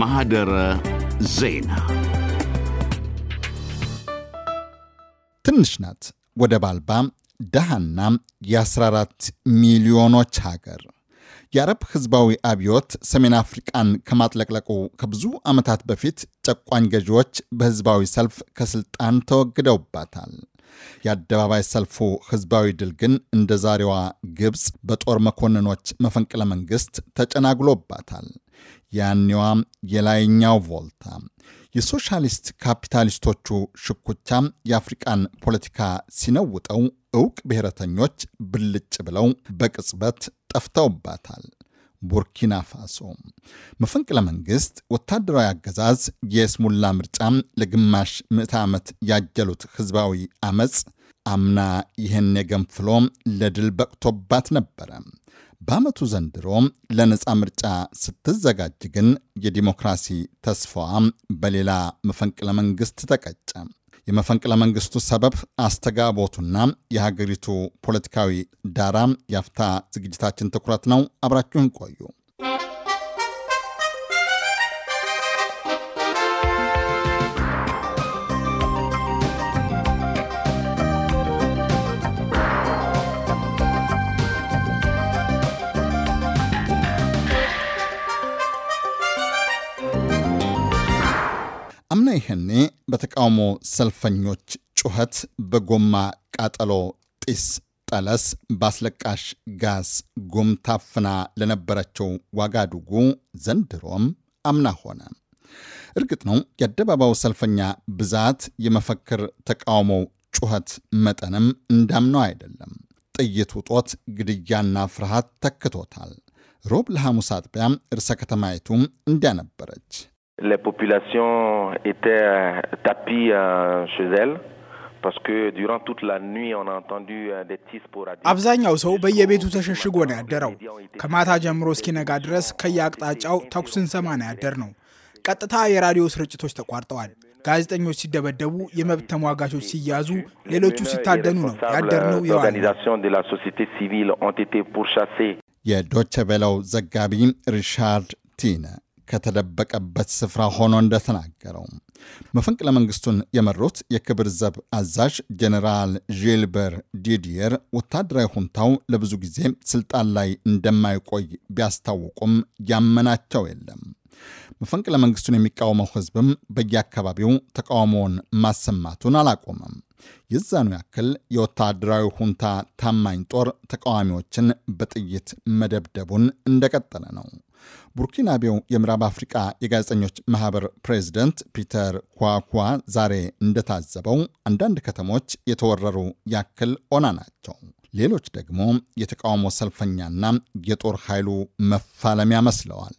ማህደረ ዜና ትንሽ ናት፣ ወደብ አልባ ደሃና የ14 ሚሊዮኖች ሀገር። የአረብ ህዝባዊ አብዮት ሰሜን አፍሪቃን ከማጥለቅለቁ ከብዙ ዓመታት በፊት ጨቋኝ ገዢዎች በህዝባዊ ሰልፍ ከሥልጣን ተወግደውባታል። የአደባባይ ሰልፉ ህዝባዊ ድል ግን እንደ ዛሬዋ ግብፅ በጦር መኮንኖች መፈንቅለ መንግስት ተጨናግሎባታል። ያኔዋ የላይኛው ቮልታ የሶሻሊስት ካፒታሊስቶቹ ሽኩቻም የአፍሪቃን ፖለቲካ ሲነውጠው እውቅ ብሔረተኞች ብልጭ ብለው በቅጽበት ጠፍተውባታል። ቡርኪና ፋሶ። መፈንቅለ መንግስት፣ ወታደራዊ አገዛዝ፣ የስሙላ ምርጫም፣ ለግማሽ ምዕተ ዓመት ያጀሉት ህዝባዊ አመፅ አምና ይህን የገንፍሎ ለድል በቅቶባት ነበረ። በአመቱ ዘንድሮ ለነፃ ምርጫ ስትዘጋጅ ግን የዲሞክራሲ ተስፋዋ በሌላ መፈንቅለ መንግስት ተቀጨ። የመፈንቅለ መንግስቱ ሰበብ አስተጋቦቱና የሀገሪቱ ፖለቲካዊ ዳራ የአፍታ ዝግጅታችን ትኩረት ነው። አብራችሁን ቆዩ። የተቃውሞ ሰልፈኞች ጩኸት በጎማ ቃጠሎ ጢስ ጠለስ በአስለቃሽ ጋዝ ጉም ታፍና ለነበረችው ዋጋዱጉ ዘንድሮም አምና ሆነ። እርግጥ ነው የአደባባው ሰልፈኛ ብዛት፣ የመፈክር ተቃውሞው ጩኸት መጠንም እንዳምነው አይደለም። ጥይት ውጦት ግድያና ፍርሃት ተክቶታል። ሮብ ለሐሙስ አጥቢያ እርሰ ከተማይቱ እንዲያነበረች Les populations étaient euh, tapies euh, chez elles አብዛኛው ሰው በየቤቱ ተሸሽጎ ነው ያደረው። ከማታ ጀምሮ እስኪነጋ ድረስ ከየአቅጣጫው ተኩስ ስንሰማ ነው ያደር ነው። ቀጥታ የራዲዮ ስርጭቶች ተቋርጠዋል። ጋዜጠኞች ሲደበደቡ፣ የመብት ተሟጋቾች ሲያዙ፣ ሌሎቹ ሲታደኑ ነው ያደርነው። የዶቸ ቬለው ዘጋቢ ሪሻርድ ቲነ ከተደበቀበት ስፍራ ሆኖ እንደተናገረው መፈንቅለ መንግስቱን የመሩት የክብር ዘብ አዛዥ ጀኔራል ዢልበር ዲዲየር ወታደራዊ ሁንታው ለብዙ ጊዜ ስልጣን ላይ እንደማይቆይ ቢያስታውቁም ያመናቸው የለም። መፈንቅለ መንግስቱን የሚቃወመው ህዝብም በየአካባቢው ተቃውሞውን ማሰማቱን አላቆመም። የዛኑ ያክል የወታደራዊ ሁንታ ታማኝ ጦር ተቃዋሚዎችን በጥይት መደብደቡን እንደቀጠለ ነው። ቡርኪናቤው የምዕራብ አፍሪቃ የጋዜጠኞች ማህበር ፕሬዚደንት ፒተር ኳኳ ዛሬ እንደታዘበው አንዳንድ ከተሞች የተወረሩ ያክል ኦና ናቸው። ሌሎች ደግሞ የተቃውሞ ሰልፈኛና የጦር ኃይሉ መፋለሚያ መስለዋል።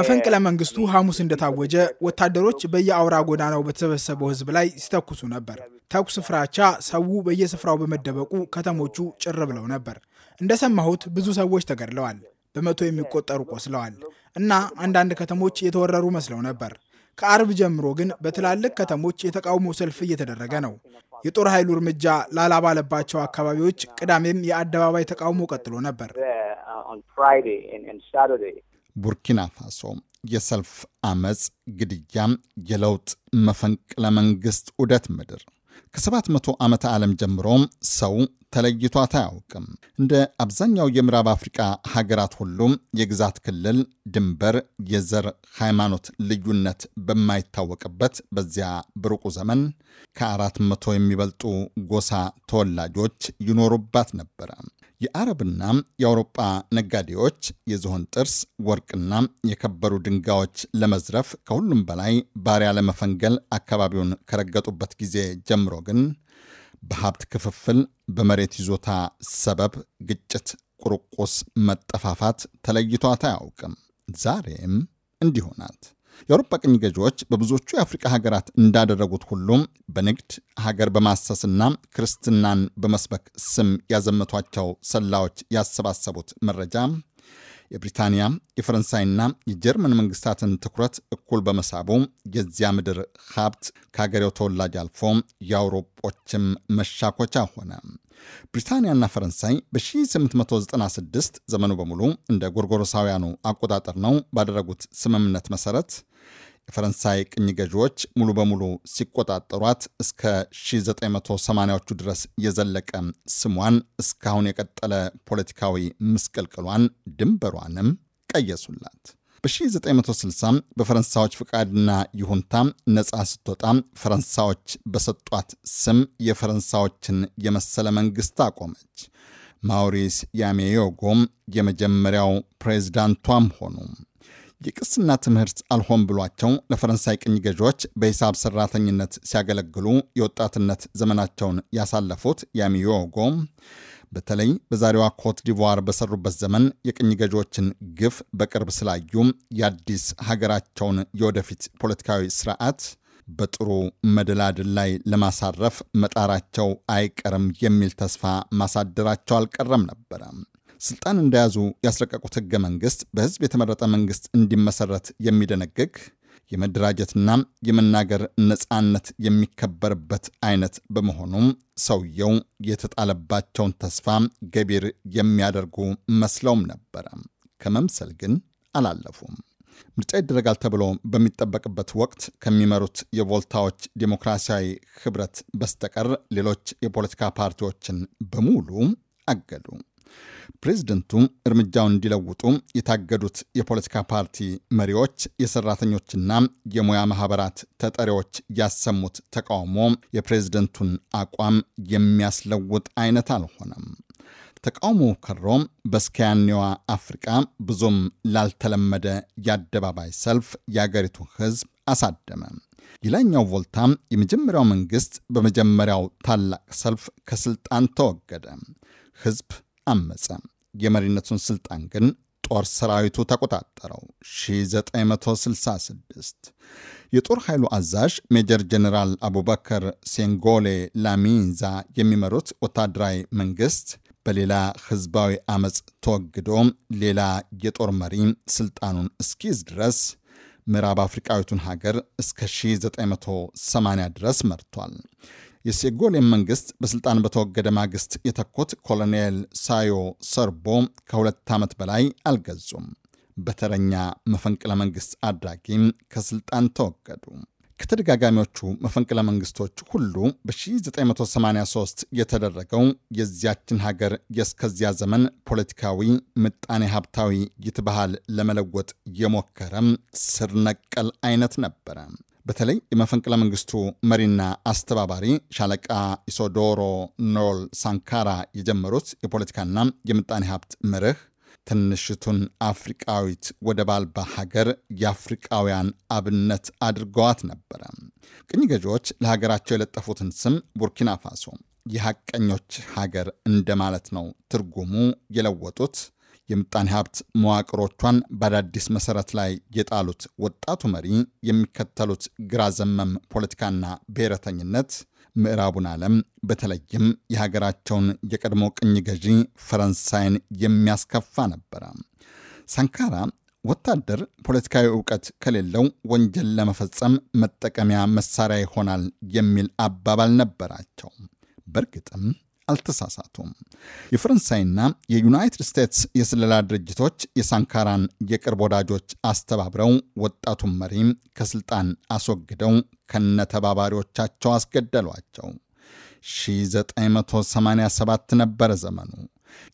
መፈንቅለ መንግስቱ ሐሙስ እንደታወጀ ወታደሮች በየአውራ ጎዳናው በተሰበሰበው ህዝብ ላይ ሲተኩሱ ነበር። ተኩስ ፍራቻ ሰው በየስፍራው በመደበቁ ከተሞቹ ጭር ብለው ነበር። እንደሰማሁት ብዙ ሰዎች ተገድለዋል፣ በመቶ የሚቆጠሩ ቆስለዋል እና አንዳንድ ከተሞች የተወረሩ መስለው ነበር። ከአርብ ጀምሮ ግን በትላልቅ ከተሞች የተቃውሞ ሰልፍ እየተደረገ ነው። የጦር ኃይሉ እርምጃ ላላ ባለባቸው አካባቢዎች ቅዳሜም የአደባባይ ተቃውሞ ቀጥሎ ነበር። ቡርኪና ፋሶ የሰልፍ አመፅ፣ ግድያም፣ የለውጥ መፈንቅለ መንግሥት ዑደት ምድር ከሰባት መቶ ዓመተ ዓለም ጀምሮ ሰው ተለይቶ አያውቅም። እንደ አብዛኛው የምዕራብ አፍሪቃ ሀገራት ሁሉም የግዛት ክልል፣ ድንበር፣ የዘር፣ ሃይማኖት ልዩነት በማይታወቅበት በዚያ ብሩቁ ዘመን ከአራት መቶ የሚበልጡ ጎሳ ተወላጆች ይኖሩባት ነበረ። የአረብና የአውሮጳ ነጋዴዎች የዝሆን ጥርስ ወርቅና የከበሩ ድንጋዮች ለመዝረፍ ከሁሉም በላይ ባሪያ ለመፈንገል አካባቢውን ከረገጡበት ጊዜ ጀምሮ ግን በሀብት ክፍፍል፣ በመሬት ይዞታ ሰበብ ግጭት፣ ቁርቁስ፣ መጠፋፋት ተለይቷት አያውቅም። ዛሬም እንዲሆናት የአውሮፓ ቅኝ ገዢዎች በብዙዎቹ የአፍሪቃ ሀገራት እንዳደረጉት ሁሉም በንግድ ሀገር በማሰስና ክርስትናን በመስበክ ስም ያዘመቷቸው ሰላዎች ያሰባሰቡት መረጃ የብሪታንያ የፈረንሳይና የጀርመን መንግስታትን ትኩረት እኩል በመሳቡ የዚያ ምድር ሀብት ከሀገሬው ተወላጅ አልፎ የአውሮጶችም መሻኮቻ ሆነ። ብሪታንያና ፈረንሳይ በ1896 ዘመኑ በሙሉ እንደ ጎርጎሮሳውያኑ አቆጣጠር ነው ባደረጉት ስምምነት መሰረት የፈረንሳይ ቅኝ ገዢዎች ሙሉ በሙሉ ሲቆጣጠሯት እስከ 1980ዎቹ ድረስ የዘለቀ ስሟን እስካሁን የቀጠለ ፖለቲካዊ ምስቅልቅሏን ድንበሯንም ቀየሱላት። በ1960 በፈረንሳዮች ፍቃድና ይሁንታ ነፃ ስትወጣ ፈረንሳዮች በሰጧት ስም የፈረንሳዮችን የመሰለ መንግሥት አቆመች። ማውሪስ ያሜዮጎም የመጀመሪያው ፕሬዝዳንቷም ሆኑ። የቅስና ትምህርት አልሆን ብሏቸው ለፈረንሳይ ቅኝ ገዢዎች በሂሳብ ሰራተኝነት ሲያገለግሉ የወጣትነት ዘመናቸውን ያሳለፉት ያሚዮጎ በተለይ በዛሬዋ ኮት ዲቮር በሰሩበት ዘመን የቅኝ ገዢዎችን ግፍ በቅርብ ስላዩ የአዲስ ሀገራቸውን የወደፊት ፖለቲካዊ ስርዓት በጥሩ መደላድል ላይ ለማሳረፍ መጣራቸው አይቀርም የሚል ተስፋ ማሳደራቸው አልቀረም ነበረ። ስልጣን እንደያዙ ያስረቀቁት ህገ መንግስት በህዝብ የተመረጠ መንግስት እንዲመሰረት የሚደነግግ የመደራጀትና የመናገር ነፃነት የሚከበርበት አይነት በመሆኑም ሰውየው የተጣለባቸውን ተስፋ ገቢር የሚያደርጉ መስለውም ነበረ። ከመምሰል ግን አላለፉም። ምርጫ ይደረጋል ተብሎ በሚጠበቅበት ወቅት ከሚመሩት የቮልታዎች ዴሞክራሲያዊ ህብረት በስተቀር ሌሎች የፖለቲካ ፓርቲዎችን በሙሉ አገዱ። ፕሬዝደንቱ እርምጃውን እንዲለውጡ የታገዱት የፖለቲካ ፓርቲ መሪዎች፣ የሰራተኞችና የሙያ ማህበራት ተጠሪዎች ያሰሙት ተቃውሞ የፕሬዝደንቱን አቋም የሚያስለውጥ አይነት አልሆነም። ተቃውሞ ከሮ በስካያኔዋ አፍሪቃ ብዙም ላልተለመደ የአደባባይ ሰልፍ የአገሪቱ ህዝብ አሳደመ። የላይኛው ቮልታ የመጀመሪያው መንግሥት በመጀመሪያው ታላቅ ሰልፍ ከስልጣን ተወገደ። ህዝብ አመፀ። የመሪነቱን ስልጣን ግን ጦር ሰራዊቱ ተቆጣጠረው። 1966 የጦር ኃይሉ አዛዥ ሜጀር ጀኔራል አቡበከር ሴንጎሌ ላሚንዛ የሚመሩት ወታደራዊ መንግስት በሌላ ህዝባዊ አመፅ ተወግዶ ሌላ የጦር መሪ ስልጣኑን እስኪይዝ ድረስ ምዕራብ አፍሪቃዊቱን ሀገር እስከ 1980 ድረስ መርቷል። የሴጎሌን መንግስት በስልጣን በተወገደ ማግስት የተኩት ኮሎኔል ሳዮ ሰርቦ ከሁለት ዓመት በላይ አልገዙም። በተረኛ መፈንቅለ መንግስት አድራጊም ከስልጣን ተወገዱ። ከተደጋጋሚዎቹ መፈንቅለ መንግስቶች ሁሉ በ1983 የተደረገው የዚያችን ሀገር የእስከዚያ ዘመን ፖለቲካዊ ምጣኔ ሀብታዊ ይትባሃል ለመለወጥ የሞከረም ስር ነቀል አይነት ነበረ። በተለይ የመፈንቅለ መንግስቱ መሪና አስተባባሪ ሻለቃ ኢሶዶሮ ኖል ሳንካራ የጀመሩት የፖለቲካና የምጣኔ ሀብት መርህ ትንሽቱን አፍሪቃዊት ወደብ አልባ ሀገር የአፍሪቃውያን አብነት አድርገዋት ነበረ። ቅኝ ገዢዎች ለሀገራቸው የለጠፉትን ስም ቡርኪና ፋሶ የሐቀኞች ሀገር እንደማለት ነው ትርጉሙ የለወጡት የምጣኔ ሀብት መዋቅሮቿን በአዳዲስ መሰረት ላይ የጣሉት ወጣቱ መሪ የሚከተሉት ግራ ዘመም ፖለቲካና ብሔረተኝነት ምዕራቡን ዓለም በተለይም የሀገራቸውን የቀድሞ ቅኝ ገዢ ፈረንሳይን የሚያስከፋ ነበረ። ሳንካራ ወታደር ፖለቲካዊ እውቀት ከሌለው ወንጀል ለመፈጸም መጠቀሚያ መሳሪያ ይሆናል የሚል አባባል ነበራቸው። በእርግጥም አልተሳሳቱም። የፈረንሳይና የዩናይትድ ስቴትስ የስለላ ድርጅቶች የሳንካራን የቅርብ ወዳጆች አስተባብረው ወጣቱን መሪ ከስልጣን አስወግደው ከነተባባሪዎቻቸው አስገደሏቸው። 1987 ነበረ ዘመኑ።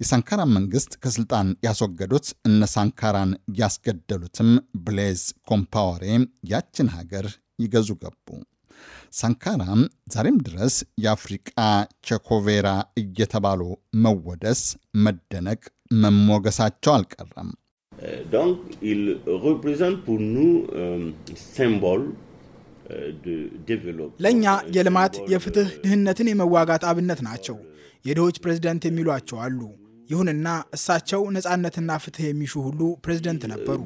የሳንካራን መንግስት ከስልጣን ያስወገዱት እነ ሳንካራን ያስገደሉትም ብሌዝ ኮምፓወሬ ያችን ሀገር ይገዙ ገቡ። ሳንካራም ዛሬም ድረስ የአፍሪቃ ቸኮቬራ እየተባሉ መወደስ፣ መደነቅ፣ መሞገሳቸው አልቀረም። euh, euh, ለእኛ የልማት የፍትህ፣ ድህነትን የመዋጋት አብነት ናቸው። የድሆች ፕሬዝደንት የሚሏቸው አሉ። ይሁንና እሳቸው ነፃነትና ፍትህ የሚሹ ሁሉ ፕሬዝደንት ነበሩ።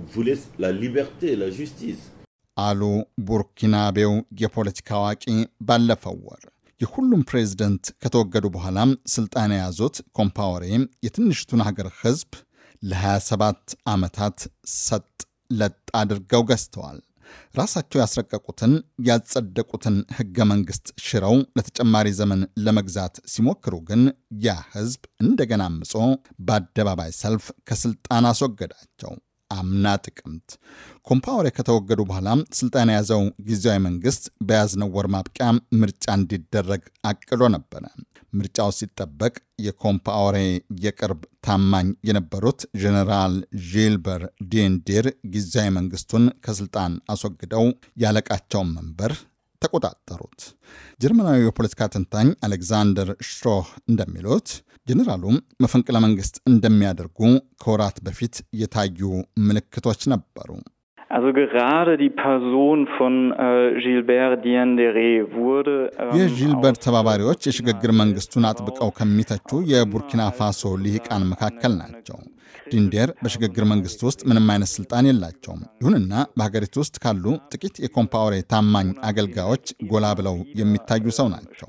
አሉ ቡርኪናቤው የፖለቲካ አዋቂ ባለፈው ወር። የሁሉም ፕሬዝደንት ከተወገዱ በኋላም ስልጣን የያዙት ኮምፓወሬ የትንሽቱን ሀገር ሕዝብ ለ27 ዓመታት ሰጥ ለጥ አድርገው ገዝተዋል። ራሳቸው ያስረቀቁትን ያጸደቁትን ህገ መንግሥት ሽረው ለተጨማሪ ዘመን ለመግዛት ሲሞክሩ ግን ያ ሕዝብ እንደገና አምጾ በአደባባይ ሰልፍ ከስልጣን አስወገዳቸው። አምና ጥቅምት ኮምፓወሬ ከተወገዱ በኋላ ስልጣን የያዘው ጊዜያዊ መንግስት በያዝነው ወር ማብቂያ ምርጫ እንዲደረግ አቅዶ ነበረ። ምርጫው ሲጠበቅ የኮምፓወሬ የቅርብ ታማኝ የነበሩት ጀኔራል ዢልበር ዴንዴር ጊዜያዊ መንግስቱን ከስልጣን አስወግደው ያለቃቸውን መንበር ተቆጣጠሩት። ጀርመናዊ የፖለቲካ ተንታኝ አሌክዛንደር ሽትሮህ እንደሚሉት ጀኔራሉ መፈንቅለ መንግስት እንደሚያደርጉ ከወራት በፊት የታዩ ምልክቶች ነበሩ። äh, ähm, የዢልበር ተባባሪዎች የሽግግር መንግስቱን አጥብቀው ከሚተቹ የቡርኪና ፋሶ ልሂቃን መካከል ናቸው። ዲንዴር በሽግግር መንግስት ውስጥ ምንም አይነት ስልጣን የላቸውም። ይሁንና በሀገሪቱ ውስጥ ካሉ ጥቂት የኮምፓውሬ ታማኝ አገልጋዮች ጎላ ብለው የሚታዩ ሰው ናቸው።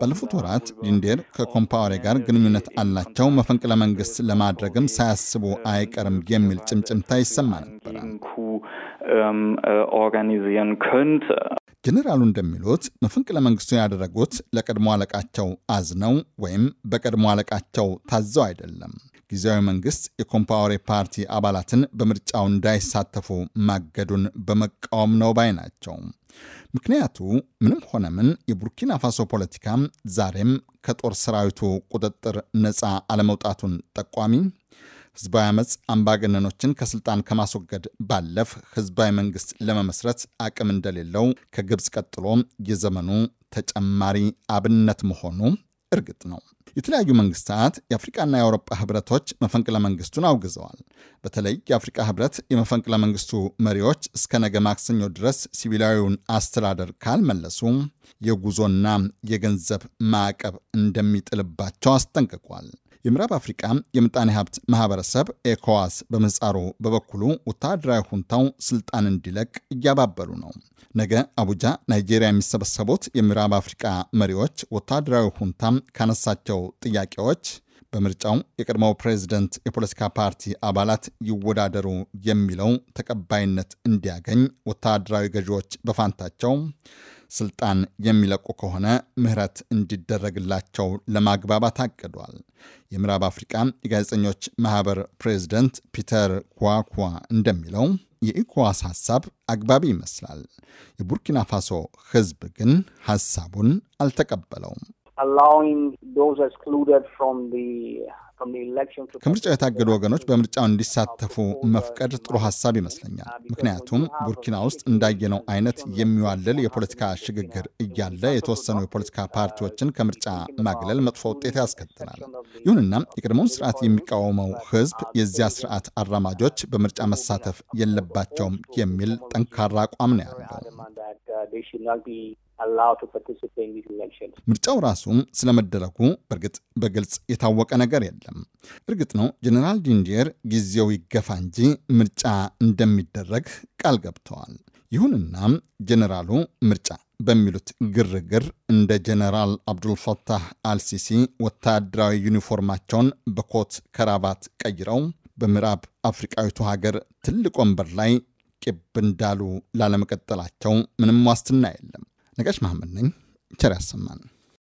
ባለፉት ወራት ዲንዴር ከኮምፓውሬ ጋር ግንኙነት አላቸው፣ መፈንቅለ መንግስት ለማድረግም ሳያስቡ አይቀርም የሚል ጭምጭምታ ይሰማ ነበረ። ጀኔራሉ እንደሚሉት መፈንቅለ መንግስቱን ያደረጉት ለቀድሞ አለቃቸው አዝነው ወይም በቀድሞ አለቃቸው ታዘው አይደለም። ጊዜያዊ መንግስት የኮምፓወሬ ፓርቲ አባላትን በምርጫው እንዳይሳተፉ ማገዱን በመቃወም ነው ባይ ናቸው። ምክንያቱ ምንም ሆነ ምን የቡርኪና ፋሶ ፖለቲካ ዛሬም ከጦር ሰራዊቱ ቁጥጥር ነፃ አለመውጣቱን ጠቋሚ ህዝባዊ አመፅ አምባገነኖችን ከስልጣን ከማስወገድ ባለፍ ህዝባዊ መንግስት ለመመስረት አቅም እንደሌለው ከግብፅ ቀጥሎ የዘመኑ ተጨማሪ አብነት መሆኑ እርግጥ ነው። የተለያዩ መንግስታት የአፍሪቃና የአውሮጳ ህብረቶች መፈንቅለ መንግስቱን አውግዘዋል። በተለይ የአፍሪቃ ህብረት የመፈንቅለ መንግስቱ መሪዎች እስከ ነገ ማክሰኞ ድረስ ሲቪላዊውን አስተዳደር ካልመለሱ የጉዞና የገንዘብ ማዕቀብ እንደሚጥልባቸው አስጠንቅቋል። የምዕራብ አፍሪቃ የምጣኔ ሀብት ማህበረሰብ ኤኮዋስ በምህጻሩ በበኩሉ ወታደራዊ ሁንታው ስልጣን እንዲለቅ እያባበሉ ነው። ነገ አቡጃ ናይጄሪያ የሚሰበሰቡት የምዕራብ አፍሪቃ መሪዎች ወታደራዊ ሁንታም ካነሳቸው ጥያቄዎች በምርጫው የቀድሞው ፕሬዚደንት የፖለቲካ ፓርቲ አባላት ይወዳደሩ የሚለው ተቀባይነት እንዲያገኝ ወታደራዊ ገዢዎች በፋንታቸው ስልጣን የሚለቁ ከሆነ ምህረት እንዲደረግላቸው ለማግባባት አቅዷል። የምዕራብ አፍሪቃ የጋዜጠኞች ማህበር ፕሬዚደንት ፒተር ኳኳ እንደሚለው የኢኮዋስ ሐሳብ አግባቢ ይመስላል። የቡርኪና ፋሶ ህዝብ ግን ሐሳቡን አልተቀበለውም። ከምርጫ የታገዱ ወገኖች በምርጫው እንዲሳተፉ uh, መፍቀድ ጥሩ ሀሳብ ይመስለኛል። uh, ምክንያቱም ቡርኪና ውስጥ እንዳየነው አይነት የሚዋልል የፖለቲካ ሽግግር እያለ የተወሰኑ የፖለቲካ ፓርቲዎችን ከምርጫ ማግለል መጥፎ ውጤት ያስከትላል። ይሁንና የቀድሞውን ስርዓት የሚቃወመው ሕዝብ የዚያ ስርዓት አራማጆች በምርጫ መሳተፍ የለባቸውም የሚል ጠንካራ አቋም ነው ያለው። uh, ምርጫው ራሱም ስለመደረጉ በእርግጥ በግልጽ የታወቀ ነገር የለም። እርግጥ ነው ጀኔራል ዲንዲየር ጊዜው ይገፋ እንጂ ምርጫ እንደሚደረግ ቃል ገብተዋል። ይሁንና ጀኔራሉ ምርጫ በሚሉት ግርግር እንደ ጀኔራል አብዱልፈታህ አልሲሲ ወታደራዊ ዩኒፎርማቸውን በኮት ከራባት ቀይረው በምዕራብ አፍሪቃዊቱ ሀገር ትልቅ ወንበር ላይ ቅብ እንዳሉ ላለመቀጠላቸው ምንም ዋስትና የለም። ነጋሽ መሐመድ ነኝ። ቸር ያሰማን።